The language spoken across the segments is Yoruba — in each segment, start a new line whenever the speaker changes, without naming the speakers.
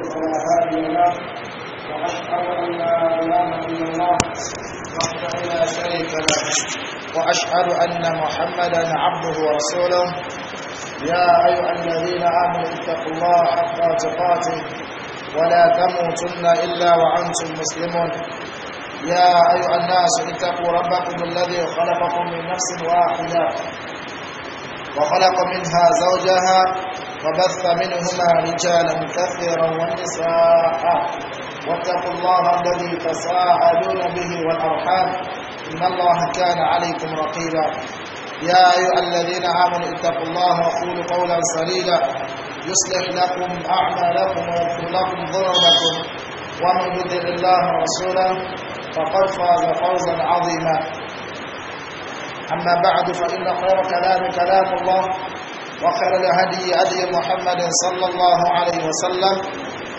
واشهد ان لا اله الا الله شريك له واشهد ان محمدا عبده ورسوله يا ايها الذين امنوا اتقوا الله حق تقاته ولا تموتن الا وانتم مسلمون يا ايها الناس اتقوا ربكم الذي خلقكم من نفس واحده وخلق منها زوجها وبث منهما رجالا كثيرا ونساء واتقوا الله الذي تساءلون به والأرحام إن الله كان عليكم رقيبا يا أيها الذين آمنوا اتقوا الله وقولوا قولا سليلا يصلح لكم أعمالكم ويغفر لكم ذنوبكم ومن يطع الله رسولا فقد فاز فوزا عظيما أما بعد فإن خير كلام كلام الله وخير الهدي هدي محمد صلى الله عليه وسلم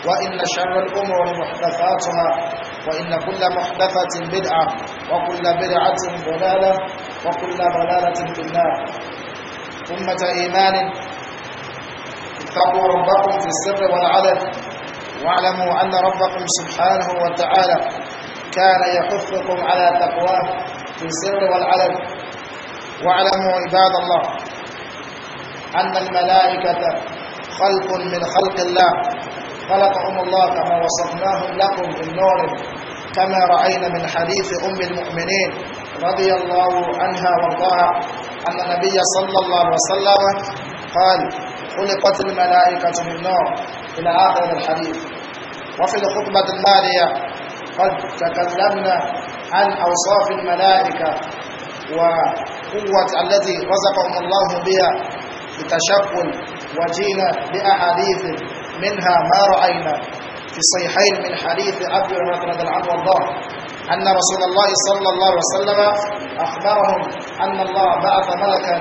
وإن شر الأمور محدثاتها وإن كل محدثة بدعة وكل بدعة ضلالة وكل ضلالة في النار أمة إيمان اتقوا ربكم في السر والعدل واعلموا أن ربكم سبحانه وتعالى كان يحثكم على تقواه في السر والعلن واعلموا عباد الله أن الملائكة خلق من خلق الله خلقهم الله كما وصفناهم لكم بالنور كما رأينا من حديث أم المؤمنين رضي الله عنها وارضاها أن النبي صلى الله عليه وسلم قال خلقت الملائكة من نور إلى آخر الحديث وفي الخطبة المالية قد تكلمنا عن أوصاف الملائكة وقوة التي رزقهم الله بها بتشكل وجينا بأحاديث منها ما رأينا في الصحيحين من حديث عبد الله عبد الله أن رسول الله صلى الله عليه وسلم أخبرهم أن الله بعث ملكا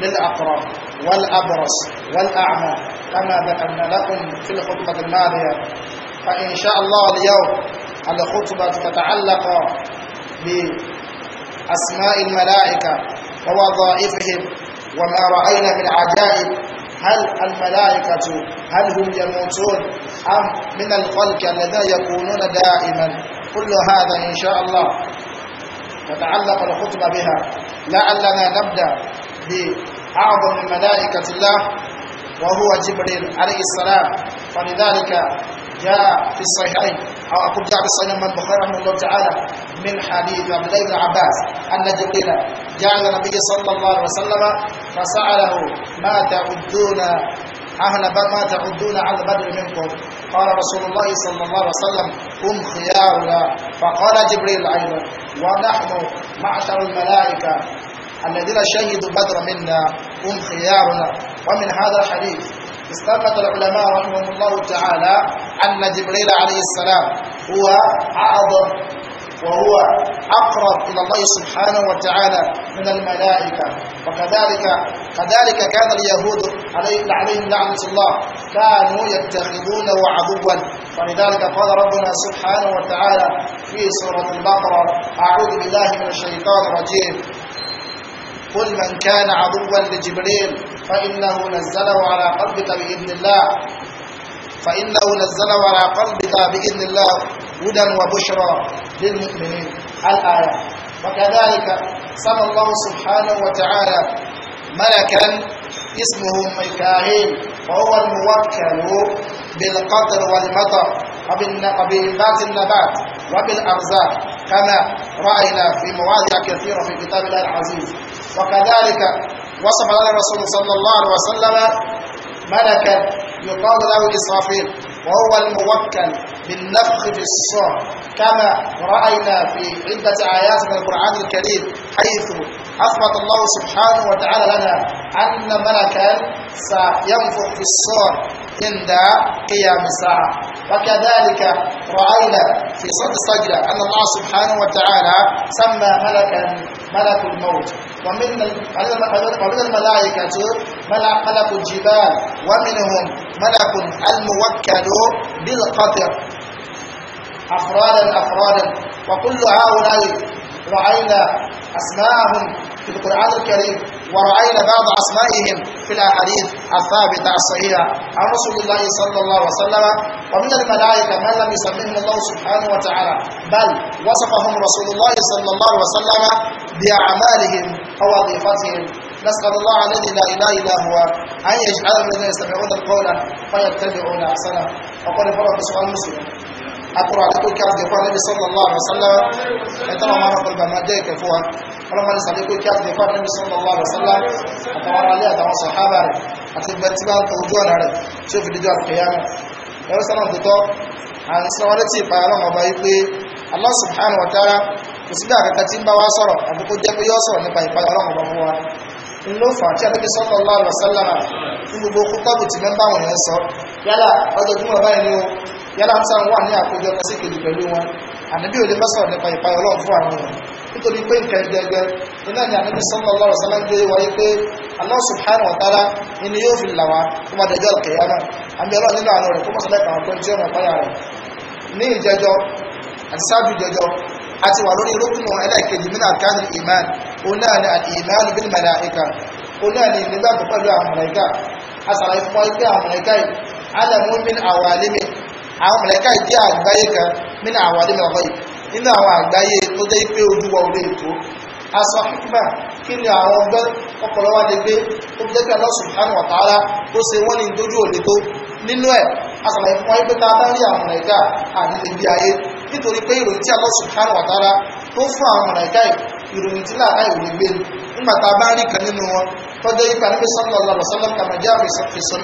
للأقرب والأبرص والأعمى كما ذكرنا لكم في الخطبة الماضية فإن شاء الله اليوم الخطبة تتعلق بأسماء الملائكة ووظائفهم وما رأينا من عجائب هل الملائكة هل هم يموتون أم من الخلق الذين يكونون دائما كل هذا إن شاء الله تتعلق الخطبة بها لعلنا نبدأ بأعظم ملائكة الله وهو جبريل عليه السلام ولذلك جاء في الصحيحين أو أقول جاء في الصحيحين من البخاري رحمه الله تعالى من حديث عبد الله بن عباس أن جبريل جاء النبي صلى الله عليه وسلم فسأله ما تعدون أهل ما تعدون على بدر منكم قال رسول الله صلى الله عليه وسلم هم خيارنا فقال جبريل أيضا ونحن معشر الملائكة الذين شهدوا بدر منا هم خيارنا ومن هذا الحديث استنبط العلماء رحمهم الله تعالى أن جبريل عليه السلام هو أعظم وهو أقرب إلى الله سبحانه وتعالى من الملائكة وكذلك كذلك كان اليهود عليهم لعنة الله كانوا يتخذونه عدوا ولذلك قال ربنا سبحانه وتعالى في سورة البقرة أعوذ بالله من الشيطان الرجيم قل من كان عدوا لجبريل فإنه نزله على قلبك بإذن الله فإنه نزله على قلبك بإذن الله هدى وبشرى للمؤمنين الآية وكذلك سمى الله سبحانه وتعالى ملكا اسمه ميكائيل وهو الموكل بالقطر والمطر وبالنبات النبات وبالأرزاق كما رأينا في مواضع كثيرة في كتاب الله العزيز وكذلك وصف لنا الرسول صلى الله عليه وسلم ملكا يقال له إسرافيل وهو الموكل بالنفخ في الصور كما رأينا في عدة آيات من القرآن الكريم حيث أثبت الله سبحانه وتعالى لنا أن ملكا سينفخ في الصور عند قيام الساعة وكذلك رأينا في صد السجله أن الله سبحانه وتعالى سمى ملكا ملك الموت ومن ومن الملائكة ملك الجبال ومنهم ملك الموكل بالقطر أفرادا أفرادا وكل هؤلاء رأينا أسماءهم في القرآن الكريم ورأينا بعض أسمائهم في الأحاديث الثابتة الصحيحة عن رسول الله صلى الله عليه وسلم ومن الملائكة من لم يسمهم الله سبحانه وتعالى بل وصفهم رسول الله صلى الله عليه وسلم بأعمالهم ووظيفتهم نسأل الله الذي لا إله إلا هو أن يجعل الذين يستمعون القول فيتبعون أحسنه وقال فرق سؤال مسلم أقرأ لكم يقول النبي صلى الله عليه وسلم يترى ما نقول بما جاءك فوق ọlọ́pàá ti sàlékún kí a ti lè fà níbi sallallahu alaihi wasallam àtàwọn alẹ́ àtàwọn sàhábà rẹ̀ àti ìgbà tí bá ń tọ ojú ọ̀nà rẹ̀ tí ó fi díjọ́ àkẹyàmẹ́ ẹ̀rọ sọ́nà tòótọ́ à ń sọ wọn létí ọba yìí pé Allah subhanahu wa ta'ala kò sígbà kankan tí ń bá wa sọ̀rọ̀ àbí kó jẹ́ pé yóò sọ̀rọ̀ nípa ìpayà ọlọ́run ọba fún wa ló fà tí àdébí sallallahu alaihi wasallam fún gbogbo kókọ́bù tí mẹ́mbà ni o yálà ń sàn wà ní àkójọ kásìkèlì pẹ̀lú wọn àdébí ò nítorí pé nǹkan ẹgbẹgbẹ iná ni àmì sallallahu alaihi wasallam gbé wáyé pé Allah subhanahu wa ta'ala ni yóò fi là wá tó bá dẹjọ́ kẹyàmá àmì ọlọ́run nínú àánú rẹ̀ kó mọ̀sálẹ̀ kan pé tí ó mọ̀ páyà rẹ̀ ní ìjẹjọ àti sáájú ìjẹjọ àti wà lórí irúkùnù ẹlẹ́ẹ̀kejì min arkanil iman òun náà ni al-iman bil malaika òun náà ni nígbàgbọ́ pẹ̀lú àwọn màláíkà asàlàyé fún wa pé àwọn màláíkà yìí alamun min awalimi àwọn màláíkà yìí jẹ́ àgbáyé kan min nínú àwọn àgbáyé tó jẹ́ pé ojú wa ò lè tó aṣọ hikma kí ni àwọn ọgbẹ́ ọpọlọ wa lè gbé tó jẹ́ pé Allah subhanahu wa ta'ala ó ṣe wọ́n ní dojú òde tó nínú ẹ̀ asàlàyé fún wa pé tá a bá rí àwọn mọ̀lẹ́kà àti ibi ayé nítorí pé ìròyìn tí Allah subhanahu wa ta'ala tó fún àwọn mọ̀lẹ́kà ìròyìn tí láàká ìròyìn gbé nígbà tá bá rí kan nínú wọn فده يبقى النبي صلى الله عليه وسلم كما جاء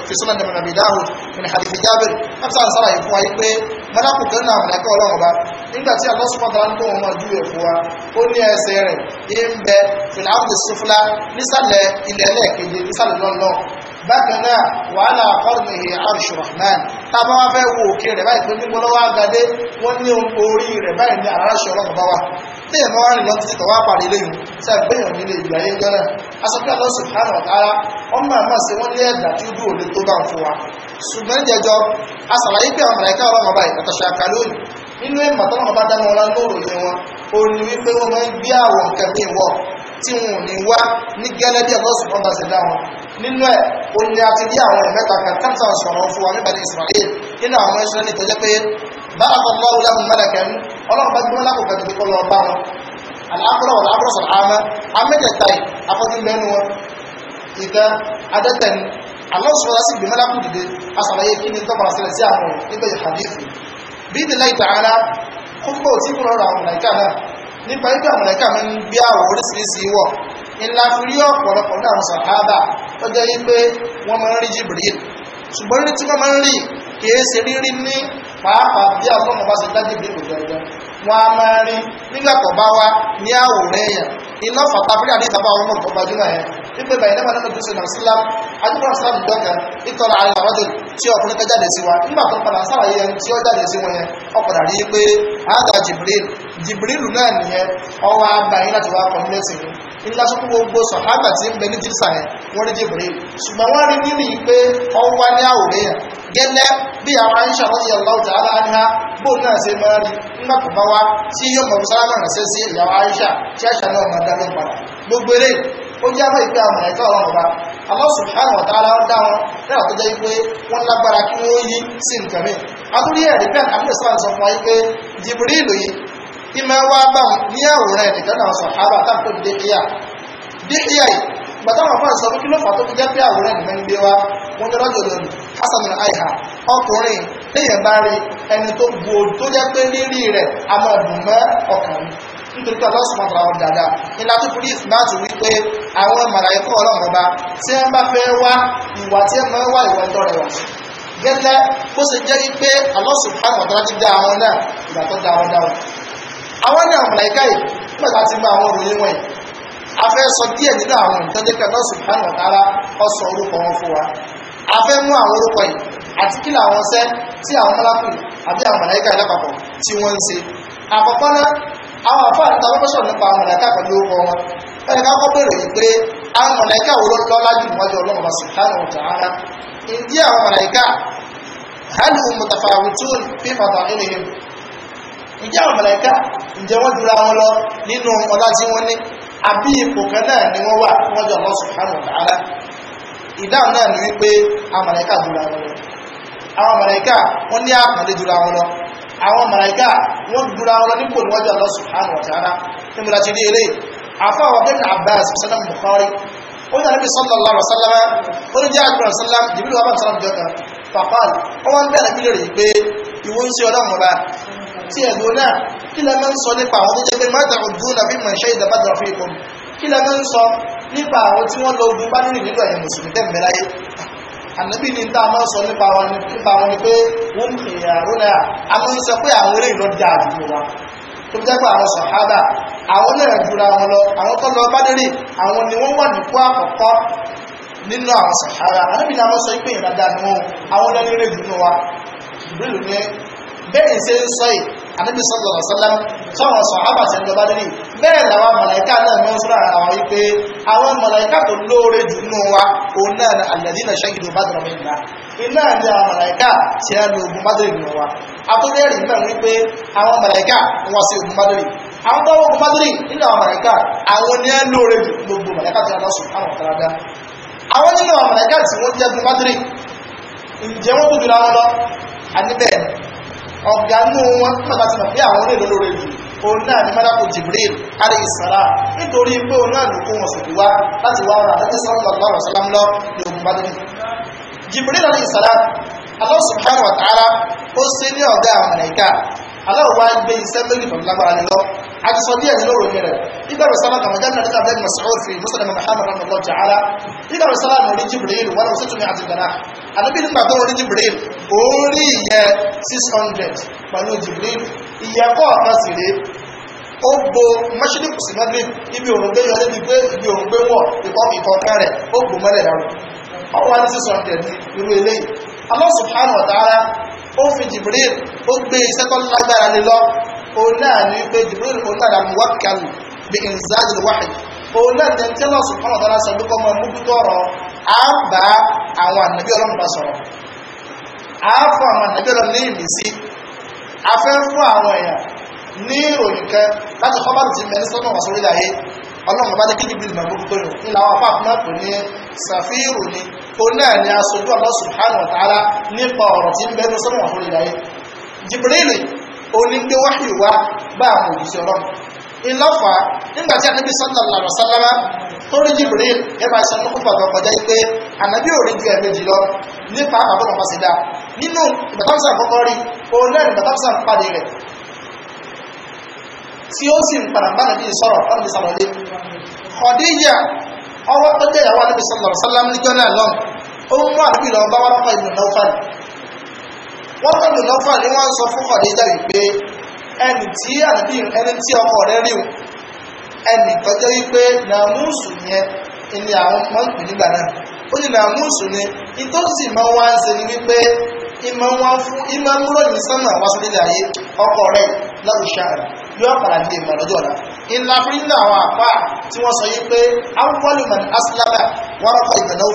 في سنن من ابي داود من حديث جابر امسى سرى يفوا يبقى ملاكو كنا ملاكو الله با nígbà tí Allah subhanahu wa ta'ala ń bọ̀ wọn ju ẹ̀fọ́ wa ó ní ẹsẹ̀ rẹ̀ yé ń bẹ fìlàbù sufla nísàlẹ̀ ilẹ̀ ẹlẹ́ẹ̀kejì nísàlẹ̀ lọ́nà bákan náà wàhálà àkọ́rùn ìhè arṣu rahman tábà wá fẹ́ wo òkè rẹ̀ báyìí tó ní gbọ́dọ̀ wá gadé wọ́n ní orí rẹ̀ báyìí ní àrà ṣọ̀rọ̀ bàbá wa téèyàn máa rìn lọ títí tọ́wọ́ àpàdé lẹ́yìn tí a gbẹ̀yàn nílé ìgbà ayé gbẹ́rẹ̀ asọ́kẹ́ Allah subhanahu wa ta'ala ọmọ àmọ́ sí wọ́n ní ẹ̀dà tí ó dúró lé tó bá ń fún wa ṣùgbọ́n jẹjọ asàlàyé pé àwọn màláíkà ọlọ́mọ báyìí àtàṣà kàlóyìn nínú ẹ̀mà tọ́lọ́mọ bá dáná ọlá lóòrò yẹn wọn ó ní wípé wọ́n máa ń gbé àwọn nǹkan bí wọ tí wọn ò ní wá ní gẹ́lẹ́ bí ọgọ́sùn kan bá ṣe dá wọn nínú ẹ̀ ó ní a ti àwọn ẹ̀mẹ́ta kan táǹtà sọ̀rọ̀ fún wa nígbà ní Israel nínú àwọn ẹ̀ṣẹ́ ní tọ́jẹ́ pé bárakọ̀ lọ́wọ́ lẹ́hùn ọlọ́run bá ti wọ́n lákòókò tó kọ́ lọ bá wọn àlábọ̀rọ̀ wọ̀ lábọ̀rọ̀ sọ̀rọ̀ àmọ́ amẹ́jẹta yìí afọ́jú mẹ́nu wọn ìtẹ́ adẹ́tẹ̀ni alọ́sọ̀rọ̀ sí gbìmọ́lá kù dìde asàlàyé kí ni tọ́mọ̀ àṣẹlẹ̀ sí àwọn nígbà ìhàdíìsì bí ìdílé ìtàhálà kókó tí kúrò ọ̀rọ̀ àwọn nàìjíríà náà nípa ibi àwọn nàìjíríà mi ń gbé àwọ̀ oríṣiríṣi wọ̀ ńlá fi rí ọ̀pọ̀lọpọ̀ ní àwọn sàhábà tó jẹ́ wípé wọ́n máa rí jìbìrì ṣùgbọ́n rí tí wọ́n máa rí kìí ṣe rírí ní pàápàá bí àfọ́nà bá ṣe dájú bí kò jọjọ wọn a máa rí nígbà tó bá wá ní àwòrán èèyàn iná fàtàbílẹ̀ àti ìtàbá àwọn ọmọ tó gbajúmọ̀ yẹn wípé bàyìí náà nínú kristu náà sílám adúgbò sílám dọ́kà ìtọ́ra àrẹ àwájọ tí ọkùnrin tó jáde sí wa nígbà tó padà sàlàyé yẹn tí ó jáde sí wọn yẹn ọkọ̀dà rí pé àádà jibril jibril náà nìyẹn ọwọ́ abàyín láti wá kọ́ni lẹ́sìn ńlá sọ fún gbogbo sọ̀hágbà tí ń bẹ ní jírísà yẹn wọ́n rí jibril ṣùgbọ́n wọ́n rí nínú yìí pé ọwọ́ ní àwòrán yẹn gẹ́lẹ́ bí àwọn aṣíṣà wọ́n ti yàlọ́ tààrà àríhá bó náà ṣe máa rí nígbà kò bá wá tí yóò mọ̀ sálámà ránṣẹ́ sí ìyàwó aṣíṣà tí aṣà náà máa dá lóun padà gbogbo eré ó jẹ́ àmọ́ ìpé àwọn ẹ̀ka ọ̀rọ̀ ọ̀ba Allah subhanahu wa ta'ala dá wọn náà tó jẹ́ pé wọ́n lágbára kí wọ́n yí sí nǹkan mi akúrí ẹ̀rí bẹ́ẹ̀ àbúrò sáà sọ fún wa pé Jibrilu yìí kí máa wá bá wọn ní àwòrán ẹ̀dẹ̀kan náà sọ àbá àtàkùn dékìyà dékìyà yìí gbàtà wọn fún àṣọ kí ló fà tó fi jẹ́ pé àwòrán ẹ̀dẹ̀kan gbé wa wọn jẹ́ lọ́jọ́ lónìí hasanul aiha ọkùnrin níyẹn bá rí ẹni tó bu tó jẹ́ pé rírí rẹ̀ a máa dùn mọ́ ọkàn nítorí pé ọlọ́sùn máa tọrọ dáadáa ilá tó fi ìsìmáàtì wípé àwọn màláìkọ́ ọlọ́run ọba tí wọ́n bá fẹ́ wá ìwà tí wọ́n máa wá ìwà ẹ̀tọ́ rẹ̀ wá gẹ́gẹ́ bó ṣe jẹ́ wípé ọlọ́sùn máa tọrọ dáadáa ti dá àwọn náà ìgbà tó dá wọn dá wọn. àwọn náà màláìká yìí pẹ̀lú àti gba àwọn òròyìn wọ̀nyí a fẹ́ sọ díẹ̀ nínú àwọn ìtọ́jẹ́kẹ́ ọlọ́sùn máa tọrọ a fẹ́ mú àwọn orúkọ yìí àti kí làwọn ṣẹ́ tí àwọn mọ́lákù àbí àwọn mọ̀láìkà lápapọ̀ tí wọ́n ń ṣe àkọ́kọ́ náà àwọn àfáà níta wọ́n sọ̀rọ̀ nípa àwọn mọ̀láìkà pẹ̀lú orúkọ wọn ẹni ká kọ́ bèrè yìí pé àwọn mọ̀láìkà wo ló lọ́lá jù níwájú ọlọ́run wa subhanahu wa ta'ala ìdí àwọn mọ̀láìkà hal hum mutafawitun fi fadailihim ǹjẹ́ àwọn mọ̀láìkà ǹjẹ́ wọ́n dúra wọn lọ nínú ọlá tí wọ́n ní àbí ipò kan náà ni wọ́n wà níwájú ọlọ́run subhanahu wa ta'ala ìdáhùn náà ni wípé àwọn màláíkà jura wọn lọ àwọn màláíkà wọ́n ní àpàdé jura wọn lọ àwọn màláíkà wọ́n jura wọn lọ nípò níwájú Allah subhanahu wa ta'ala ní mo láti rí eré àfọ àwọn bẹ́ẹ̀ ní Abbas sẹ́lẹ̀m Bukhari ó ní àníbi sallallahu alaihi wasallam ó ní jẹ́ àgbọ̀n sọ́lám jìbìlì wà bá sọ́lám jọ kan fàpáàlì ó wá bẹ́ẹ̀ níbi rí pé ìwọ ń ṣe ọlọ́run ọba tí ẹ̀dùn náà kí lẹ́ ń sọ nípa àwọn tó jẹ́ pé má dàgbù nàbí mọ̀ ṣe ìdàbàdàn fún ikọ̀ kí lẹ́ ń sọ nípa àwọn tí wọ́n lọ ogun bá nínú ìlú ẹ̀yìn mùsùlùmí tẹ̀ mẹ́láyé ànábì ní tá a máa sọ nípa wọn nípa wọn ni pé wọn kì í àrùn náà a máa ń sọ pé àwọn eré ìlọ da àdúgbò wa tó jẹ́ pé àwọn sàhábà àwọn náà jura wọn lọ àwọn tó lọ Bádírì àwọn ni wọ́n wà nípò àkọ́kọ́ nínú àwọn sàhábà ànábì ní àwọn sọ pé ìrànlá ni wọn àwọn lẹ́nu eré jù wa ìbílù ní bẹ́ẹ̀ ṣe ń sọ yìí ànábì sallallahu alaihi wasallam sọ́wọ́n sọ àbàtì ìjọba lórí bẹ́ẹ̀ làwọn màláìká náà mọ́ sọ́rọ̀ àwọn wípé àwọn màláìká tó lóore jù nù wa òun náà ni alladhina shahidu badra minna iná ni àwọn màláìká tí a lo ogun bádìrì nù wa àtúndẹ̀rì náà wípé àwọn màláìká wọn sí ogun bádìrì àwọn tó ogun bádìrì nínú àwọn màláìká àwọn ni a lóore jù gbogbo màláìká tí a lọ àwọn tó ọ̀gá nú wọn nígbà tí wọ́n pé àwọn onílò lórí ìlú òun náà ni mọ́lápù Jibril alayhi salam nítorí pé òun náà lùkú wọn sì wá láti wá ọ̀rọ̀ àti sallallahu alaihi wasallam lọ ní ogun bá dé Jibril alayhi salam Allah subhanahu wa ta'ala ó ṣe ní ọ̀gá àwọn màláíkà Allah wá gbé iṣẹ́ méjì tó lágbára lọ àti sọ díẹ̀ nínú òròyìn rẹ̀ إذا رسالة وجدنا لذا ابن مسعود في مسلم محمد رحمه الله تعالى إذا رسالة نوري جبريل ولو ستمع الجناح النبي لما دور جبريل orí ìyẹ́ 600 pẹ̀lú jibril ìyẹ́ kọ́ọ̀kan sì rèé ó bo mọ́ṣílìkù sí mọ́gbìn ibi òrùngbé yọ níbi gbé ibi òrùngbé wọ̀ ìkọ́ ìkọ̀ọ̀kan rẹ̀ ó bò mọ́lẹ̀ ẹ̀rọ ọwọ́ ní 600 ní irú eléyìí Allah subhanahu wa ta'ala ó fi jibril ó gbé iṣẹ́ tó lágbára lé lọ òun náà ní pé jibril òun náà dàmú wákàlù the inzaj wahid òun náà tẹ̀ ń tẹ́lọ̀ subhanahu wa ta'ala sọ a fẹ́ àwọn èèyàn ní ìròyìn kan láti kọ́ bá ti mẹ́rin sọ́nà ìlọ́fà nígbàtí ànábì sallallahu alaihi wasallam tó rí Jibril nípa ìsọ̀nù púpọ̀ tó kọjá yìí pé ànábì ò rí ju ẹ̀mejì lọ nípa àbúrò wọn sì dáa nínú ìbátámsà kọ́kọ́ rí òun náà ìbátámsà ń pàdé rẹ̀ tí ó sì ń padà bá nàbí sọ̀rọ̀ ọ̀nà ìsàlọ̀lé Khadija ọwọ́ tó jẹ́ ìyàwó ànábì sallallahu alaihi wasallam níjọ́ náà lọ́n ó mú ànábì lọ bá wọn kọ́ ìlú náà fàlì wọ́n kọ́ ìlú náà fàlì wọ́n sọ fún Khadija wípé ẹni tí ànábì ẹni tí ọkọ rẹ̀ rí o ẹni tọ́jọ́ wípé nàmúùsù yẹn ni àwọn máa ń nígbà náà ó ní nàmúùsù ni ìtọ́sí máa ń wá ń ṣe ni wípé ìmọ̀ wọn fún ìmọ̀ sánmà ayé ọkọ rẹ̀ lọ́rùṣà rẹ̀ yóò padà di ìmọ̀ lọ́jọ́ ọ̀la ìlà fún nínú àwọn àpá tí wọ́n sọ yìí pé awúgbọ́lùmọ̀ asilámà wọ́n ìgbẹ̀lẹ́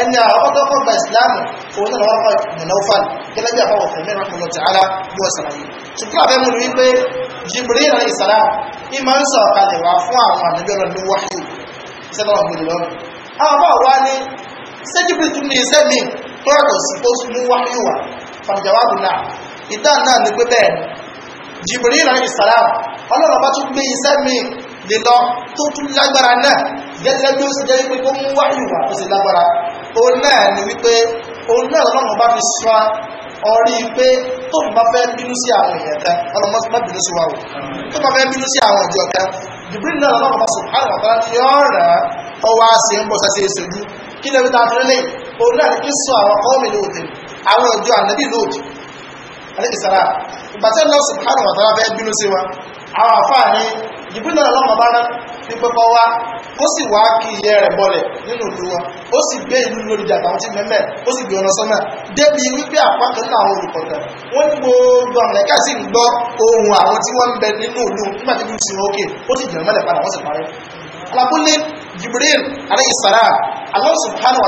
ẹni òun náà wọ́n mọ̀náfàn gẹ́lẹ́ bí àbáwọ̀ fẹ̀mí rahmanu ta'ala bí wọ́n sàlàyé ṣùgbọ́n abẹ́mú ni wípé jibril alayhi salam ìmọ̀ ń sọ̀ kalẹ̀ wá fún àwọn ànábì ọlọ́run ní wáyé sẹ́dọ̀ ọ̀gbìn lọ́rùn àwọn bá wá ní ṣé jibril tún ní iṣẹ́ mi tó yàtọ̀ sí tó mú wáyé wá fàjàwábù náà ìdá tún lágbára náà gẹ́gẹ́ bí ó sì jẹ́ wípé tó mú wáyé wá ó sì lágbára òun náà ni wípé òun náà lọ́nà bá fi sọ ọrí pé tó bá fẹ́ bínú sí àwọn èèyàn kan ọlọ́mọ má bínú sí wa o tó bá fẹ́ bínú sí àwọn ìjọ kan jìbìrì náà lọ́nà bá sọ àwọn ọ̀tá ní ọ̀rẹ́ ọwọ́ àṣẹ ń bọ̀ sẹ́sẹ́ ìṣojú kí lẹ́bi tá a fi lélẹ̀ òun náà ní kí sọ àwọn ọkọ mi lóòtẹ́ àwọn ìjọ ànábì lóòtẹ́ alẹ́ ìsàrà ìgbà tí ọlọ́sùn àwọn ọ̀tá fẹ́ bínú sí wa àwọn àfáà ní jìbìrì náà lọ́mọ bá rán ní pẹ́pọ́ wá ó sì wá kí iye rẹ̀ bọlẹ̀ nínú ìlú wọn ó sì gbé ìlú lórí ìjà àtàwọn tí mẹ́mẹ́ ó sì gbé ọ̀nà sọ́mà débi wípé àpá kan náà àwọn olùkọ̀tàn wọ́n ní gbogbo àmọ̀lẹ́kà sì ń gbọ́ ohun àwọn tí wọ́n ń bẹ nínú ìlú nígbà tí wọ́n ti rọ òkè ó sì jẹ̀rọ mọ́lẹ̀ padà wọ́n sì parẹ́ alákúnlé jibril alayhi salam Allah subhanahu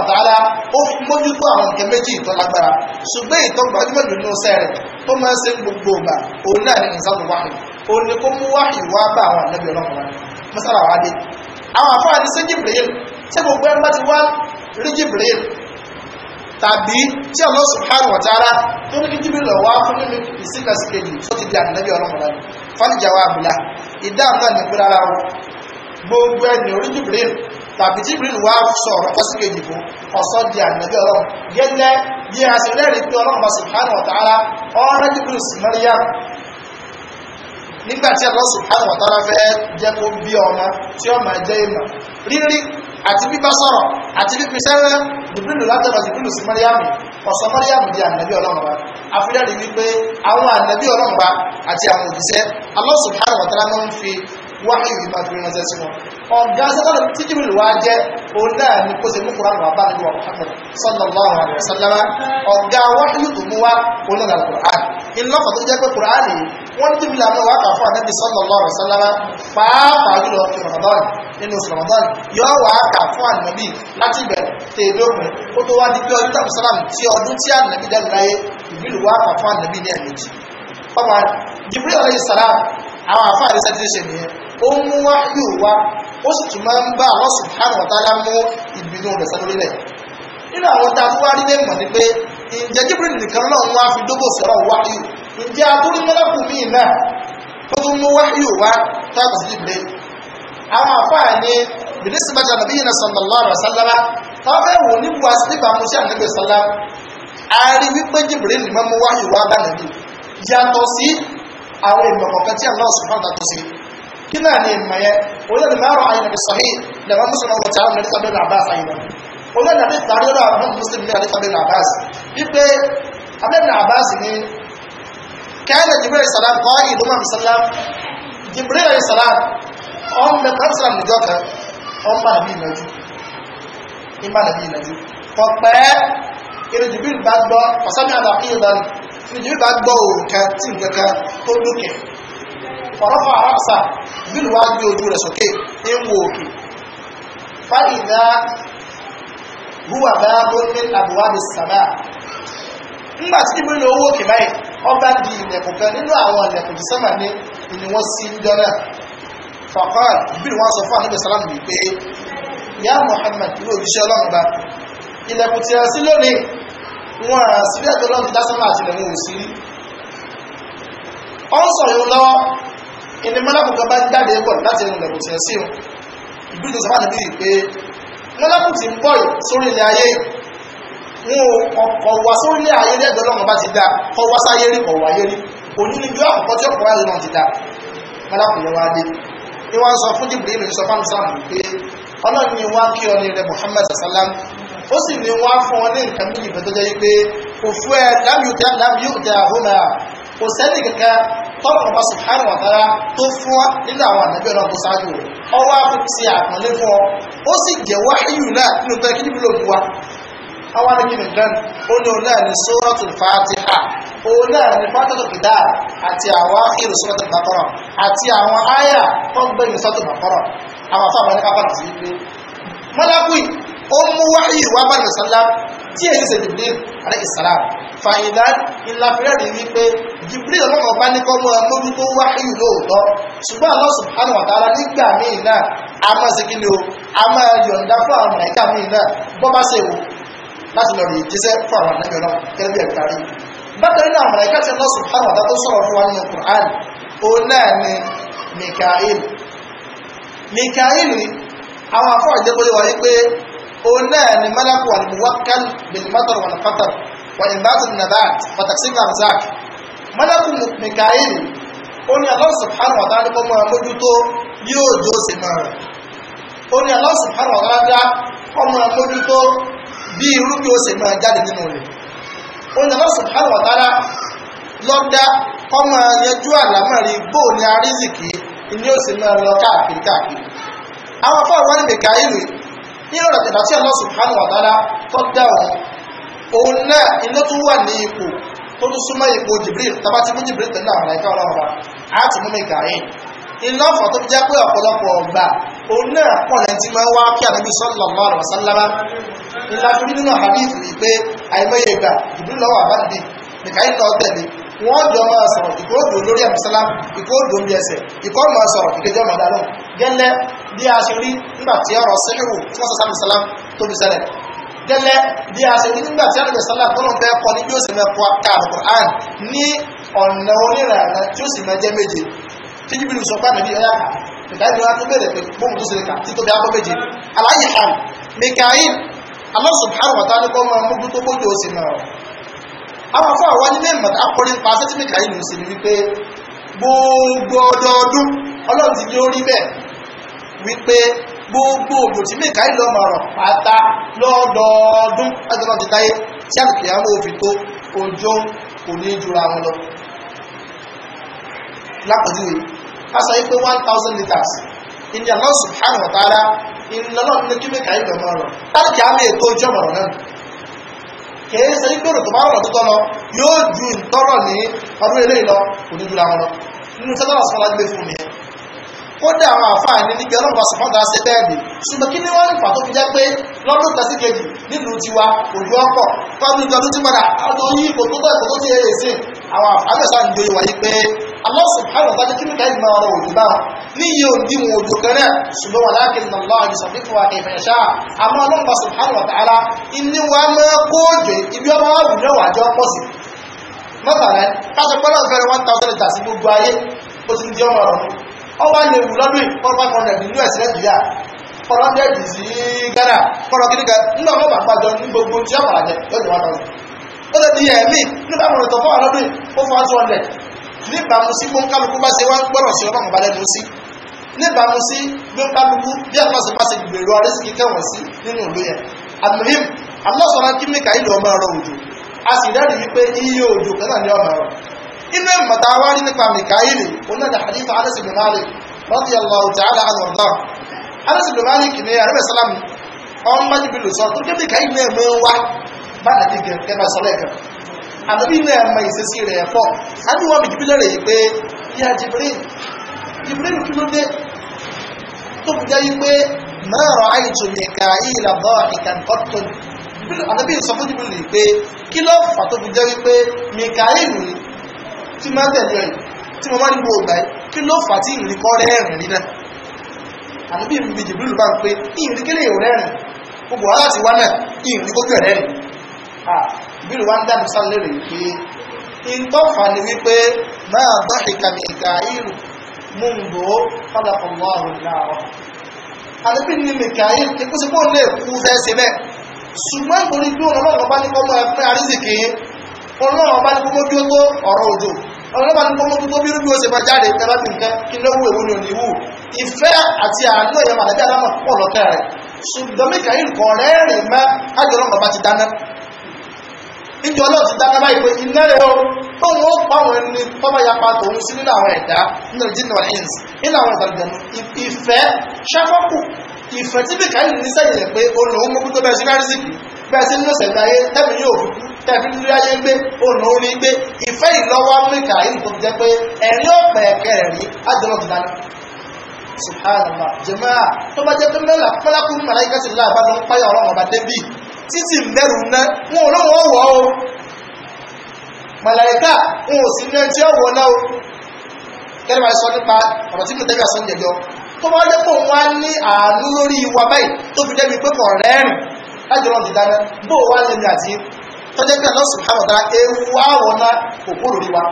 ó mójútó àwọn nǹkan méjì tó ṣùgbọ́n ìtọ́gbà ọdún sẹ́rẹ̀ tó máa ń ṣe gbogbo ọgbà òun náà ní ìsàlùwáhùn òun ni kó mú wáhìí wá bá àwọn ànábì ọlọ́pàá mọ́sára wá dé àwọn àfáà ní sí Jibril tí gbogbo ẹgbẹ́ ti wá rí Jibril tàbí tí Allah subhanahu wa ta'ala tó ní Jibril lọ wá fún nínú ìsíkàsí kejì tó ti di ànábì ọlọ́pàá fánìjàwá àbúlá ìdáhùn náà ní gbúra ara gbogbo ẹni orí Jibril tàbí Jibril wá sọ̀rọ̀ kọ́sí kejì fún ọ̀sọ́ di ànábì ọlọ́run gẹ́gẹ́ bí a sì rẹ́rìí pé ọlọ́run subhanahu wa ta'ala ọ̀rẹ́ Jibril sí Maryam nígbà tí Allah subhanahu wa ta'ala fẹ́ jẹ́ kó bí ọmọ tí ó máa jẹ́ ìmọ̀ rírí àti bíbá sọ̀rọ̀ àti bíbí sẹ́rẹ́ dùbìlù látọ̀rọ̀ dùbìlù sí mọ́ríyàmù ọ̀sán mọ́ríyàmù di ànàbí ọlọ́mọba àfihàn rí wípé àwọn ànàbí ọlọ́mọba àti àwọn òjíṣẹ́ Allah subhanahu wa ta'ala máa ń fi wáyé ìdí máa fi ránṣẹ́ sí wọn ọ̀gá sọ́tọ̀ tí jìbìrì wá jẹ́ òun náà ni kó ṣe mú kúrán wà bá nínú Muhammad sallallahu alaihi wasallam ọ̀gá wáyé tó mú wá òun náà lọ kúrán ìlọ́fà tó jẹ́ pé kúrán ni wọ́n ní jìbìrì àmọ́ wá fún ànábì sallallahu alaihi wasallam pàápàá jùlọ fi ramadan nínú ramadan yóò wá kà fún ànábì láti bẹ̀rẹ̀ tèdókun ó tó wá di pé ọdún tàbí sálàm tí ọdún Jibril alayhi salam àwọn àfáà àdìsẹ́ ti ó ń mú wáyù wá ó sì tún máa ń bá àwọn subhanahu wa ta'ala mú ìbínú rẹ̀ sálórílẹ̀ nínú àwọn tá a tún wá rí lè mọ̀ ni pé ǹjẹ́ Jibril nìkan náà wá fi dógò sọ̀rọ̀ wáyù ǹjẹ́ atúrímọ́lápù míì náà ó tún mú wáyù wá tábù sí ìgbé àwọn àfáà ní bìnísìmọ́jà nàbí yìí sallallahu alaihi wasallam táwọn fẹ́ wò níbu àsìlípà àmúṣe àdébẹ̀ sálá a rí wípé Jibril nìkan mú wáyù wá bá nàbí yàtọ̀ sí àwọn ìmọ̀kọ̀ọ̀kan tí àwọn ọ̀sùn fún àtàkùn sí i kí náà ni ìmọ̀ yẹn olóòdì márùn àyìn nàbì sọ̀hí lẹ́wọ̀n mùsùlùmí ọgbọ̀n tààrà nàbì sàbẹ̀ nàbàs àyìn nàbì olóòdì nàbì tààrà lọ́dọ̀ àwọn mùsùlùmí nàbì sàbẹ̀ nàbàs wípé abẹ́ nàbàs ni kẹ́lẹ̀ jibril salam kọ́ ìlú mọ̀ salam jibril salam ọ̀n bẹ kọ́sìlá nìjọ kan ọ̀n bá nàbí ìnàjú ìmá nàbí ìnàjú ọ̀pẹ́ ìrìn jibril bá gbọ́ ọ̀sán ní àdàkí ìlànà ìrìn jibril bá gbọ́ nǹkan kan tó lókè fọ̀rọ̀fọ̀ àrọ́sà bílù wá gbé ojú rẹ̀ sókè ń wo òkè fàìdá húwà bá gómìnà àbúwádìí sàmà ńgbà tí ìbí ní owó òkè báyìí ọba di ilẹ̀kùn kan nínú àwọn ilẹ̀kùn tí sẹ́mà ní ni wọ́n sí ń jọ náà bílù wọn sọ fún àníbẹ̀ sàlámù yìí pé ya Muhammad ní òjíṣẹ́ ọlọ́run bá ilẹ̀kùn tí a sí lónìí wọn à síbẹ̀ tó lọ́n ti dá sẹ́mà àtìlẹ̀mú òsì ọ ń lọ́wọ́ ìní mọ́lákùn kan bá jáde pọ̀ láti ẹnu ẹ̀kùn tiẹ̀ sí o ìbílẹ̀ tó sọ fáwọn ìbílẹ̀ pé mọ́lákùn ti ń bọ̀ sórí ilẹ̀ ayé wọn ò kọ̀ wá sórí ilẹ̀ ayé lẹ́gbẹ̀ẹ́ lọ́mọ bá ti dá kọ́ wá sáyé rí kọ̀ wáyé rí òní ni ju àkọ́kọ́ tí ọkọ̀ wáyé náà ti dá mọ́lákùn yẹn wá dé ni wọ́n sọ fún jìbìrì ìlú sọ fáwọn sáà pé ọlọ́run ni Muhammad sallam ó sì ní wọ́n fún ọ ní nǹkan méjì fẹ́ tó jẹ́ pé òfu ẹ̀ dábìú tẹ́ dábìú tẹ́ àhónà kò sẹ́ni kankan tọ́lọ̀ ọba subhanahu wa ta'ala tó fún wa nínú àwọn ànábì ọ̀nà tó ṣáájú rẹ̀ ọwọ́ á fi ṣe àpọ́nlé fún ọ ó sì jẹ́ wáyù náà nínú tó kí níbílò fún wa àwọn anìkìnnì dán ó ní òun náà ní suratul fatiha òun náà ní fatatul qida àti àwọn akhiru suratul baqara àti àwọn àyà tó ń gbẹ̀yìn suratul baqara àwọn afọ àbáyé kápá ó mú wáyé wá bá nàìjíríà tí èyí ṣe jibril alayhi salam fàyìnlá ńlá fẹ́rẹ́ rí pé jibril ọlọ́run ọba ní kọ́ mọ́ mójú tó wáyé lóòótọ́ ṣùgbọ́n Allah subhanahu wa ta'ala nígbà míì náà a máa ṣe kí ni o a máa yọ̀ǹda fún àwọn nàìjíríà míì náà bọ́ bá ṣe wò láti lọ rí jíṣẹ́ fún àwọn ànábì kẹ́lẹ́bí ẹ̀ àwọn afọ àjẹkọ̀lẹ̀ wáyé pé òun náà ni mọ́lákù wà ní wákàl bilimọ́tọ̀rọ̀ wà ní fọ́tọ̀r wà ní báàtì nabat pàtàkì sí arzak mọ́lákù mikael ó ní Allah subhanahu wa ta'ala kọ́ mọ́ àmójútó bí òjò sì máa rẹ̀ ó ní Allah subhanahu wa ta'ala kọ́ mọ́ àmójútó bí irú bí ó sì máa jáde nínú rẹ̀ ó ní Allah subhanahu wa ta'ala lọ́dá ọmọ yanjú àlámọ̀rí bóò ní arísìkí ni ó sì máa lọ káàkiri káàkiri àwọn afọ àwọn ní mikael nínú ọ̀rọ̀ tẹ̀lá tí Allah subhanahu wa ta'ala tó dá òun òun náà iná tó wà ní ipò tó tún súnmọ́ ipò Jibril tàbá ti mú Jibril tẹ̀lé àwọn ẹ̀ka ọlọ́run wa á ti mú mi gà yín iná ọ̀fọ̀ tó jẹ́ pé ọ̀pọ̀lọpọ̀ ọ̀gbà òun náà pọ̀ lẹ́yìn tí máa ń wá kí ànábì sallallahu alaihi ńlá fi nínú hadith yìí pé àìmọye ìgbà Jibril lọ́wọ́ àbádìí nìkan iná ọ̀tẹ̀lẹ̀ wọ́n jọ máa sọ̀rọ̀ ìkóòdò lórí ẹ̀mùsálá ìkóòdò ń bí ẹsẹ̀ ìkọ́ máa sọ̀rọ̀ ìkẹjọ́ máa dáná gẹ́lẹ́ bí a ṣe rí nígbà tí ọ̀rọ̀ sẹ́yìnwó tí wọ́n sọ́sá mùsálá tó bí ṣẹlẹ̀ gẹ́lẹ́ bí a ṣe rí nígbà tí ọ̀rọ̀ sẹ́lá tó lọ́n fẹ́ kọ́ ní bí ó sì mẹ́ kọ́ káàbọ̀ àn ní ọ̀nà onírànà tí ó sì mẹ́ jẹ́ méje tí jíbìlì sọ pàdé bí ọyá ìdájọ́ wa tó bẹ̀rẹ̀ pé bóun tó àwọn afọ àwọn nílé ìmọ̀ akọrin pa sẹ́tìmì kàyí ní sí ni wípé gbogbo ọdọọdún ọlọ́run ti ní ó rí bẹ́ẹ̀ wípé gbogbo ògbò tí mẹ́ka ìlọ mọ̀rọ̀ pátá lọ́dọọdún ẹgbẹ̀rún ti táyé tí àlùkè àwọn òfin tó ojó kò ní jura wọn lọ lápẹjúwe a sọ wípé one thousand litres ìní Allah subhanahu wa ta'ala ìlọlọ́run ní kí mẹ́ka ìlọ mọ̀rọ̀ láti àmì ètò ojú ọ̀mọ̀rọ̀ náà kìí ṣe pé òrò tó bá rọ̀ tó lọ yóò ju ìtọ́rọ̀ ní ọdún eléyìí lọ kò ní dúra wọn lọ nínú sẹ́tọ́rọ̀ sọ́lá gbé fún mi kódà àwọn àfáàní níbi ọlọ́pàá sọ̀fọ́dà ṣe bẹ́ẹ̀ ni ṣùgbọ́n kí ni wọ́n nípa tó fi jẹ́ pé lọ́dún kan sí kejì nílùú tiwa òjò ọkọ̀ fábíjọ́ tó ti padà àwọn tó yí ipò tó bọ̀ ipò tó ti ẹ̀yẹ̀ sí àwọn àfáàmẹ́sà ń gbé Allah subhanahu wa ta'ala kí mìkà ìmọ̀ ọ̀rọ̀ òjò bá ní iye òdì wọn òjò kan náà ṣùgbọ́n wọn láàkì nà lọ́wọ́ àti sàfihàn fún wa kẹfà ẹ̀ṣá àmọ́ ọlọ́pàá subhanahu wa ta'ala inú wa máa kó òjò ibi ọmọ wa wù náà wà jọ pọ̀ sí. mọ́tàlẹ́ káṣọ pẹ́lú ọ̀fẹ́rẹ́ one thousand tà sí gbogbo ayé ó ti di ọmọ ọ̀rọ̀ ọba lè wù lọ́dún ọba kan rẹ̀ nínú ẹ̀sìn nàìjíríà kọ̀rọ̀ ń dẹ́ẹ̀dì sí Ghana kọ̀rọ̀ kiri kan nínú ọmọ bàbá ní gbogbo tí ọmọ àjẹ lọ́dún one thousand ó lè di ẹ̀mí nígbà mọ̀rọ̀ tó fọ́ ọlọ́dún ó fọ́ one hundred níbàámu sí gbóńkálukú bá ṣe wá ń gbọ́rọ̀ sí ọlọ́run bá lẹ́nu sí níbàámu sí gbóńkálukú bí àpàṣẹ bá ṣe gbèrò ọrẹ sí kíkẹ́ wọ̀n sí nínú ìlú yẹn àmìhìm alọ́sọ̀rọ̀ akíníkà ìlú ọmọ ọrọ̀ òjò a sì rẹ́rìí wípé iye òjò kan náà ní ọmọ ọrọ̀ inú ìmọ̀ta wá rí nípa mìkáyìlì onáda àdífà Anas ibn Malik radiyallahu ta'ala anhu ọ̀dọ́ Anas ibn Malik ànábì náà ẹ̀mọ ìṣesí rẹ̀ ẹ̀fọ́ àdúgbò mi jìbìlẹ̀ rẹ̀ pé yíya Jibrin Jibril kí ló dé tó fi jẹ́ yí pé máa rọ àìtò nìka yìí làbọ̀ ìkà ọ̀tọ̀ ànábì sọ fún Jibril rẹ̀ pé kí ló fà tó fi jẹ́ wí pé nìka yìí rè tí máa tẹ̀lé ẹ̀ tí mo máa ń gbọ́ ọgbà kí ló fà tí ìrìn kọ́ rẹ́rìn rí náà ànábì mi Jibril bá ń pé ìrìn kílẹ̀ ìrẹ́rìn gbogbo wàhálà ti wá náà ìrìn kójú ẹ̀rẹ́rìn ah, jìbìrì wá ń dàbí sálẹ̀ rẹ̀ wípé ìtọ́fà ni wípé máa bá ìkàmì ìkà ìrù mú ń bò ó padà ọ̀wọ́ àrùn láàárọ̀ àdébí ni mìkà ìrù kí kúsìkò lè kú fẹ́ ṣe bẹ́ẹ̀ ṣùgbọ́n nítorí bí òun ọlọ́run bá ní kọ́ mọ́ ẹ̀fún àrísìkì ọlọ́run bá ní kọ́ mọ́ bí ó tó ọ̀rọ̀ òjò ọlọ́run bá ní kọ́ mọ́ tó tó bí rúbí ó ṣe bá nǹkan kí lọ́wọ́ èwo ni òníwù ìfẹ́ àti àánú ẹ̀yọ́ màdájá dámọ̀ pọ̀ lọ́tẹ̀ rẹ̀ ṣùgbọ́n mìkà ìrù kọ̀ rẹ́rìn mọ́ níjọ náà ti dáná báyìí pé iná rẹ̀ ó ń wọ́n pa àwọn ẹni pápá yapa tòun sí nínú àwọn ẹ̀dá nínú jìnnà ins nínú àwọn ìtàlùjẹ̀nu ìfẹ́ ṣáfọ́kù ìfẹ́ tí bí káyìn ní sẹ́yìn rẹ̀ pé ó lòun mọ́kú tó bẹ́ẹ̀ sí kárí síkì bẹ́ẹ̀ sí nínú sẹ̀dá ayé tẹ́mi yóò fi tẹ́mi ní ayé gbé ó nà ó rí gbé ìfẹ́ ìlọ́wọ́ mẹ́ka yìí tó jẹ́ pé ẹ̀rí ọ̀pẹ̀ kẹrẹ̀ rí ájọ́lọ́ ti dáná subhanallah jẹ́mọ́ tó bá jẹ́ pé mẹ́lá pẹ́lákùn màláìkẹ́sì láàbá ló ń páyà ọlọ́run ọba débì títì mẹ́rù ná wọn olówó ọwọ́ o màláíkà wọn ò sí ní ẹni tí ọwọ́ náà o kẹ́lẹ́ máa sọ nípa ọ̀rọ̀ tí kìtẹ́bí àsán jẹjọ tó bá dé pò wá ní àánú lórí wa báyìí tó fi débi pé kò rẹ́rìn láti rọ̀ dídáná bó wá lè ní àti tọ́jẹ́ pé àlọ́ subhanahu wa ta'ala ewu àwọ̀ náà kò kúrò rí wa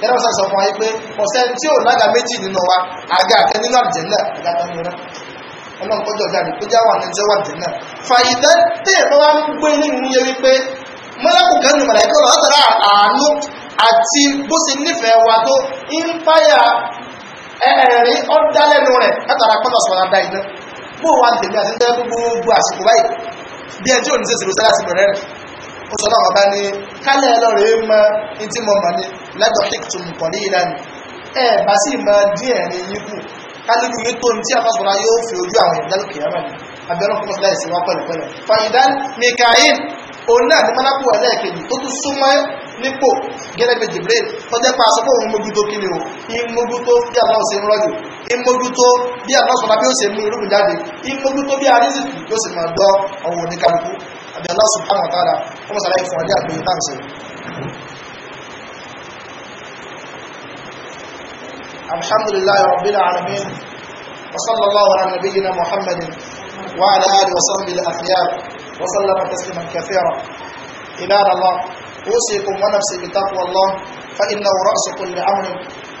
kẹ́lẹ́ sọ fún wa pé ọ̀sẹ̀ tí ò lága méjì nínú wa àga àkẹ́ nínú àlùjẹ́ náà àga ọlọ́nkọjọ́ jáde kó já wà ní ẹjọ́ wà jẹ́nà fàyídẹ́ tẹ́yẹ̀ bá wá ń gbé nínú yẹ wípé
mọ́lákù kan ní mọ̀láìkọ́ lọ látara àánú
àti bó ṣe nífẹ̀ẹ́ wa tó ń páyà ẹ̀ẹ̀rín ọ̀dálẹ́nu rẹ̀ látara pọ́nà sọ̀rọ̀ dá iná bó wa ń tèmi àti ń tẹ́lẹ́ gbogbo àsìkò báyìí bí ẹjọ́ òní ṣe ni sáyà sí bẹ̀rẹ̀ rẹ̀ ó sọ mọ ní tí mo mọ̀ ní ìlànà ẹ̀ bá sì mọ díẹ̀ ní yíkù kálukú yóò tó ní tí a bá sọ̀rọ̀ yóò fi ojú àwọn ìdálù kìyàmà ni abẹ́rún kọ́mọ́ sílẹ̀ ìsìnwá pẹ̀lẹ́pẹ̀lẹ́ fàyídán mikael òun náà ní mọ́lápù ẹlẹ́ẹ̀kejì tó tún súnmọ́ nípò gẹ́gẹ́ bí jibril tó jẹ́ pa àsopọ̀ òun mójútó kí ni o ìmójútó bí Allah ṣe ń rọ́jò ìmójútó bí Allah sọ̀rọ̀ bí ó ṣe mú irúgbìn jáde ìmójútó bí arísìkì yóò sì máa gbọ́ ọ̀wọ̀ oníkálukú àbí Allah subhanahu wa ta'ala wọ́n sàlàyé fún ọdí àgbẹ̀yẹ táǹsì الحمد لله رب العالمين وصلى الله على نبينا محمد وعلى آله وصحبه الأخيار وسلم تسليما كثيرا عباد الله أوصيكم ونفسي بتقوى الله فإنه رأس كل أمر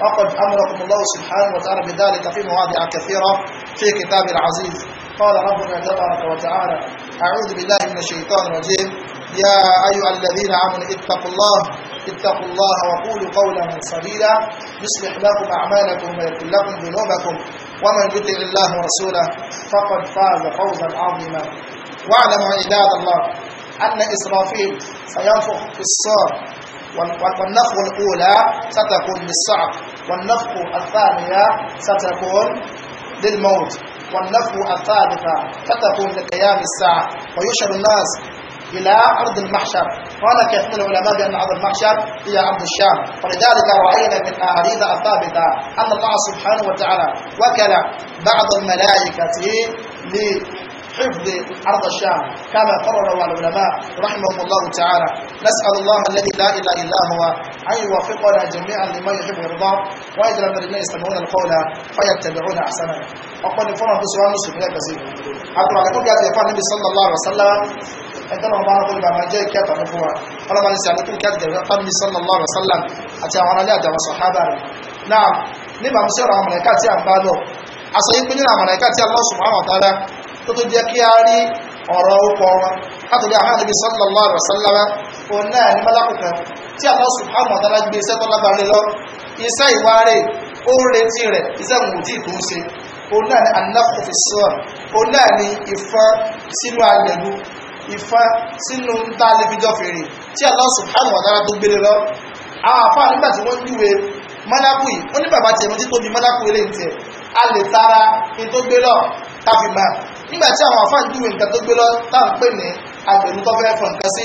وقد أمركم الله سبحانه وتعالى بذلك في مواضع كثيرة في كتاب العزيز قال ربنا تبارك وتعالى أعوذ بالله من الشيطان الرجيم يا أيها الذين آمنوا اتقوا الله اتقوا الله وقولوا قولا سديدا يصلح لكم أعمالكم ويغفر لكم ذنوبكم ومن يطع الله ورسوله فقد فاز فوزا عظيما واعلموا عباد الله أن إسرافيل سينفخ في الصور والنفخ الأولى ستكون للصعب والنفخ الثانية ستكون للموت والنفخ الثالثة ستكون لقيام الساعة ويشر الناس إلى أرض المحشر قال كثير من العلماء بأن أرض المحشر هي أرض الشام ولذلك رأينا من الأحاديث الثابتة أن الله سبحانه وتعالى وكل بعض الملائكة حفظ أرض الشام كما قرر العلماء رحمهم الله تعالى نسأل الله الذي لا إله إلا هو أن يوفقنا جميعا لما يحب ويرضاه واذا من الذين يستمعون القول فيتبعون أحسنه أقول فرح بسؤال مسلم لا كثير أقول على كل النبي صلى الله عليه وسلم ẹ̀tọ́nà ọba arákùnrin bàbá jẹ́ ìkẹ́ àtàwọn fún wa ọlọ́ba ní sí àlékún ìkẹ́ àtẹ̀rẹ́ fábílì sallallahu alaihi wasallam àti àwọn aráàlú àti àwọn sọ̀hábà rẹ̀ náà nígbà mú sí ọ̀rọ̀ àwọn mọ̀lẹ́kà tí a ń bá lọ aṣọ yìí pé nínú àwọn mọ̀lẹ́kà tí Allah subhanahu wa ta'ala tó tó jẹ́ kí a rí ọ̀rọ̀ ọkọ̀ wọn látọ̀dọ̀ àwọn àdébí sallallahu alaihi wasallam òun náà ní mọ́lákùnkà tí Allah subhanahu wa ta'ala gbé iṣẹ́ tó lábàárí lọ iṣẹ́ ìwárè ó ń retí rẹ̀ iṣẹ́ ìwòjì tó ń ṣe òun náà ní anáfòfin òun náà ní ìfọ́n sínú àgbẹ̀lú ìfà sínú tá a lè fi jọfèrè tí Allah subhanahu wa ta'ala tó gbélé lọ àwọn àfáà nígbà tí wọ́n júwe mọ́lákù yìí ó ní bàbá a lè tara ní tó gbé lọ tàfi máa nígbà tí àwọn àfáà júwe nǹkan tó gbé lọ táà ń pè ní agbẹ̀nu tó fẹ́ fọ nǹkan sí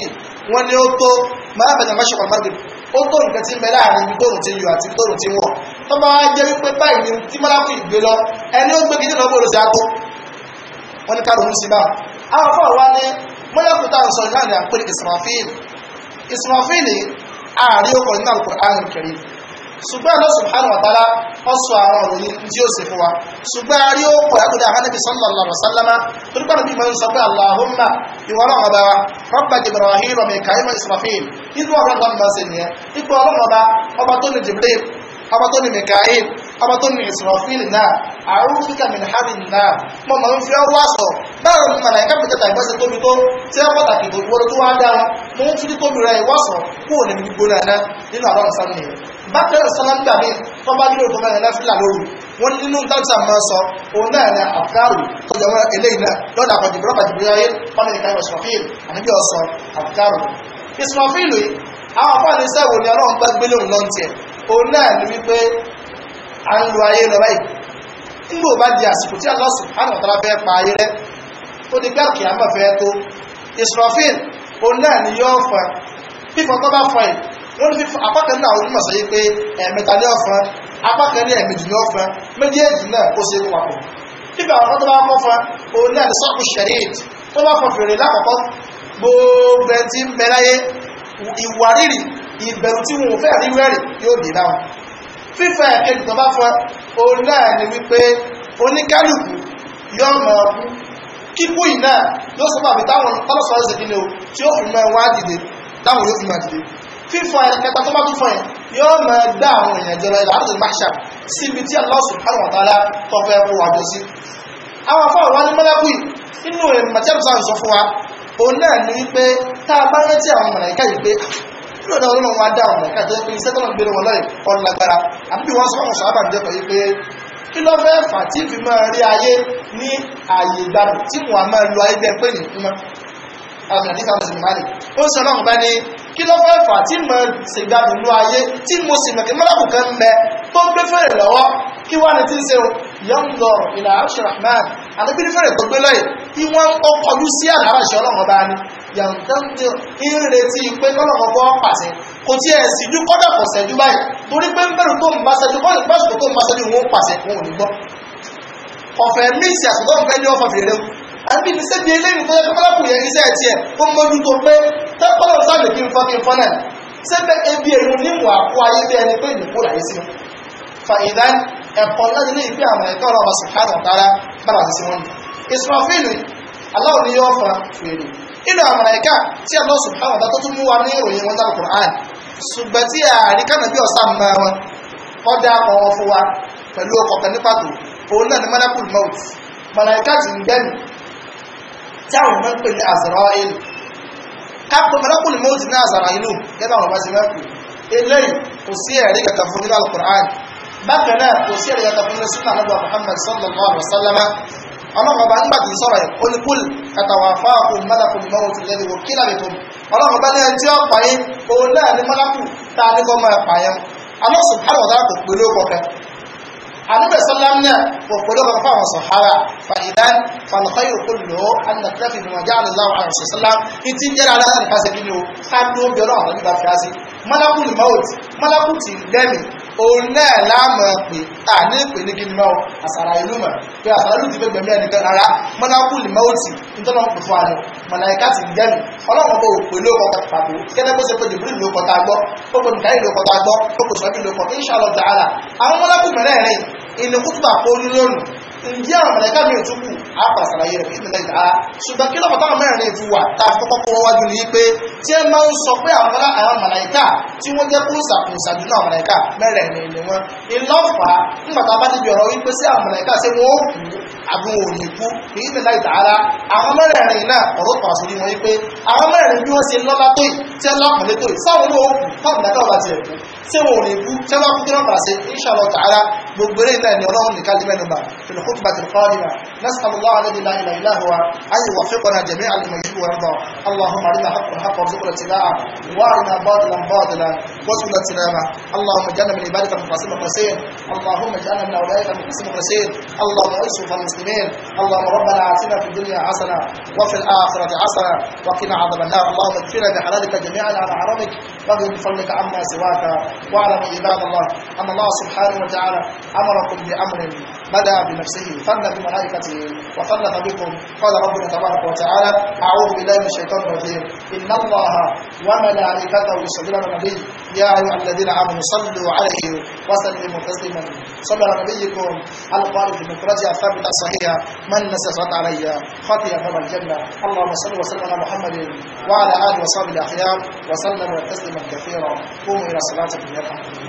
wọ́n ní ó tó mọ́lábẹ̀tà máṣọ̀kọ̀ mọ́gbẹ̀ ó tó nǹkan tí ń bẹ láàrin ibi tóòrùn àti tóòrùn ti wọ̀ tó bá jẹ́ wípé báyìí ni tí mọ́lákù yìí gbé lọ ẹni ó gbé gidi lọ́gbọ̀n olùsí àtó wọ́n ní sí mọ́lẹ́kù tá à ń sọ náà ni à ń pè ní Israfil Israfil ààrí ọkọ̀ nínú Al-Qur'an Al-Karim ṣùgbọ́n Allah subhanahu wa ta'ala ó sọ àwọn òròyìn tí ó sì fún wa ṣùgbọ́n a rí òkò àkúdà àhánábì sallallahu alaihi wasallama tó nípa níbi ìmọ̀rin sọ pé Allahumma ìwọ ọba wa rabba Jibril wa ọmọ tó ní ìsìnrọ̀fíìlì náà àrùn fíkà mìíràn náà mọ́ mọ́ ń fi ọwọ́ àṣọ báwo ni màlàyé kápẹ́tẹ̀tà ìgbọ́sẹ̀ tóbi tó tí wọ́n pàtàkì tó gbọ́dọ̀ tó wá dára mọ́ ń fi tóbi rẹ̀ ìwọ́sọ̀ kúrò ní gbígbóná náà nínú àbáwọn sánmi bákan náà sọlá ń gbà mí tó bá nílò tó bá yẹn láfílà lóru wọn nínú táwọn àmọ sọ òun náà ní àfikáàrù tó yẹ wọn eléyìí náà lọ́dà àpàjùbọ́rọ̀ àpàjùbọ́rọ̀ ayé pọ́nlẹ̀ nìkan ìwọ̀n ìsọ̀fíìlì àníbí ọ̀sọ̀ àfikáàrù ìsọ̀fíìlì àwọn afọ́ àdìsẹ́wò ni ọlọ́run gbẹ́gbẹ́lẹ́ òun lọ́ntì ẹ̀ òun náà ní wípé a ń lo ayé lọ báyìí nígbò bá di àsìkò tí Allah subhanahu wa ta'ala fẹ́ pa ayé rẹ ó di gbá òkè àmọ́ fẹ́ tó Israfil òun náà ni yóò fọn fífọn tó bá fọn yìí lórí fífọn apákan náà ó túmọ̀ sí pé ẹ̀ẹ̀mẹta ní ọ̀fọn apákan ní ẹ̀ẹ̀mejì ní ọ̀fọn méjèèjì náà ó ṣe é papọ̀ fífọn àwọn tó bá kọ́ fọn òun náà ni sọ́kù ṣẹ̀ríìt tó bá fọn fèrè gbogbo ẹ̀ ń bẹ fífẹ́ ẹ̀kejì tó bá fọ́ òun náà ni wípé oníkálùkù yóò mọ̀ ọkú kíkú yìí náà yóò sọ pàbí táwọn tọ́lọ́sọ̀rọ̀ ṣe kíni o tí ó fi mọ ẹwà dìde táwọn yóò fi mọ dìde fífọ́ ẹ̀kẹta tó bá tún fọ́ yẹn yóò mọ dá àwọn èèyàn jọra ilẹ̀ àti ìmáṣà síbi tí Allah subhanahu wa ta'ala tó fẹ́ kó wà jọ sí àwọn afọ́wọ̀ wá ní mọ́lẹ́kù yìí nínú ìmọ̀tẹ́rù sọ fún wa òun náà ni wípé tá a bá rántí àwọn mọ̀lẹ́kà yìí pé nínú ọ̀dọ̀ ọlọ́run wa dá ọ̀nà ìka jẹ́ pé iṣẹ́ tọ́lọ̀ gbére wọn lọ́yìn ọ̀nàgbára àbí wọ́n sọ́kùn sọ́ábà jẹ́ pé pé kí ló fẹ́ fà tí fi máa rí ayé ní ààyè ìgbàdùn tí mo máa lo ayé bẹ́ẹ̀ pé ní mọ́ àfihàn ìta ọ̀sìn ìmáàlì ó sọ náà bá ní kí ló fẹ́ fà tí mo sì gbàdùn lo ayé tí mo sì mẹ̀kẹ́ mọ́láàbù kan mẹ́ tó gbé fèrè lọ́wọ́ kí wá ní tí ń ṣe o yẹn ń lọ ìlà àṣírà náà àti bí fèrè tó gbé lọ́yìn tí wọ́n ń kọjú sí àlàáṣẹ́ ọlọ́run ọba ni yàtọ̀tì ìrètí pé kọ́lọ̀kọ́ bọ́ pàṣẹ kò tí ẹ̀ sì ju kọ́dà kò sẹ́jú báyìí torí pé ń bẹ̀rù tó ń bá sẹ́jú kọ́lọ̀ pàṣẹ tó ń bá sẹ́jú wọn pàṣẹ fún òní gbọ́ ọ̀fẹ́ míìsì àtúntò ń fẹ́ ní ọ̀fà fèrè lẹ́wọ̀ àbí ní sẹ́bi eléyìí tó yẹ kí kọ́lọ̀kù yẹ iṣẹ́ ẹ̀ tiẹ̀ ó mójú tó pé tẹ́kọ́lọ̀ sáàbì kí n fọ́ kí n fọ́ náà sẹ́bẹ̀ ebi èrò níwọ̀n àkó ayé bí ẹni pé ìdìbò láyé sí fa ìdá ẹ̀kọ́ náà nílé ìpín àwọn ẹ̀kọ́ ọ̀rọ̀ ọba sùkánà dára bára sí wọn. ìsúnmọ́fíìlì aláwọ̀ ni yóò fa fèrè nínú àwọn màláíkà tí Allah subhanahu wa ta'ala tó tún mú wa ní ìròyìn wọn dára Qur'an ṣùgbọ́n tí ààrí kànáà bí ọ̀sán mọ́ wọn kọ́ dá ọ̀rọ̀ fún wa pẹ̀lú ọkọ̀ ní pàtó òun náà ni malakul maut màláíkà ti ń gbẹ́mì tí àwọn ọmọ ń pè ní Azrail kápò malakul maut ní Azrail gẹ́gẹ́ àwọn ọmọ sí mẹ́kù eléyìí kò sí ẹ̀rí kankan fún nínú al-Qur'an bákan náà kò sí ẹ̀rí kankan fún nínú sunnah Muhammad sallallahu alaihi wa ọlọ́run ọba nígbà tí sọ̀rọ̀ ẹ̀ olùkúlù kàtàwàfà òun mọ́lákù mọ́wòtì lẹ́nu wò kí lábẹ́ tó ọlọ́run ọba ní ẹni tí ó pààyè òun náà ní mọ́lákù tá a ní kọ́ máa pààyàn Allah subhanahu wa ta'ala kò pẹ̀lú kọ̀kẹ́ àdúgbò sọlám náà kò pẹ̀lú kọ̀kẹ́ fáwọn sọ̀hárà fàyídá fàlùkọ́yò kò lò ó anàtẹ́fì ní wàjá àlùláwà àrùsọ̀ sọlám òun náà láàmú pé à ní ìpè ní gíní mọ́ àsàrà ìlú mọ̀ pé àsàrà ìlú ti fẹ́ gbẹ̀mí ẹnìkan rárá mọ́lákùlì mọ́ọ̀tì nítorí wọn pè fún àná mọ̀láìká ti ń jẹ́nu ọlọ́run bó pè ló kọ́ pàtó kẹ́lẹ́ bó ṣe pé jìbìrì ló kọ́ tá a gbọ́ ó pè nìkan ìlú kọ́ tá a gbọ́ ó pè sọ́bí ló kọ́ inṣàlọ́ tààlà àwọn ǹjẹ́ àwọn mẹ̀lẹ́ká mi ò tún kù á pàṣàlàyé rẹ̀ bíi mẹ̀lẹ́ ìdára ṣùgbọ́n kí lọ́pọ̀ táwọn mẹ́rin lè fi wà tá a fi kọ́kọ́ kọ́ wájú ni pé tí ẹ máa ń sọ pé àwọn àwọn mẹ̀lẹ́ká tí wọ́n jẹ́ kúrúsà kùsà jù náà mẹ̀lẹ́ká mẹ́rin ni ni wọ́n ìlọ́fà nígbà tá a bá ti jọ̀rọ̀ wípé sí àwọn mẹ̀lẹ́ká ṣé wọ́n ó kú àbí wọn ò ní kú bíi mẹ̀lẹ́ ìdára àwọn mẹ́rin náà ọ̀rọ̀ kan àṣírí wọn wípé àwọn mẹ́rin bí wọ́n ṣe lọ́lá tó tí ẹ lápọ̀lẹ́ tó sáwọn olóòkú fáwọn ìdájọ́ سوون يبو سبع قدرة بس إن شاء الله تعالى مجبرين أن يراه نكلم منهما في الخطبة القادمة نسأل الله الذي لا إله إلا هو أن يوفقنا جميعا لما يحب ويرضى اللهم علمنا حق الحق وارزقنا اتباعه وارنا باطلا باطلا واسكن سلامة اللهم اجعلنا من عبادك المخلصين المخلصين اللهم اجعلنا من أولئك من المخلصين المخلصين اللهم أنصر المسلمين اللهم ربنا آتنا في الدنيا حسنة وفي الآخرة حسنة وقنا عذاب النار اللهم اكفنا بحلالك جميعا على حرامك واجعل من عما سواك واعلموا عباد الله أن الله سبحانه وتعالى أمركم بأمر بدأ بنفسه فن بملائكته وفن بكم قال ربنا تبارك وتعالى أعوذ بالله من الشيطان الرجيم إن الله وملائكته يصلون على النبي يا أيها الذين آمنوا صلوا عليه وسلموا تسليما صلى على نبيكم القائل في مفرجها الثابتة الصحيحة من نسيت علي خطي باب الجنة اللهم صل وسلم على محمد وعلى آله وصحبه الأخيار وسلم تسليما كثيرا قوموا إلى صلاتكم يا رحمة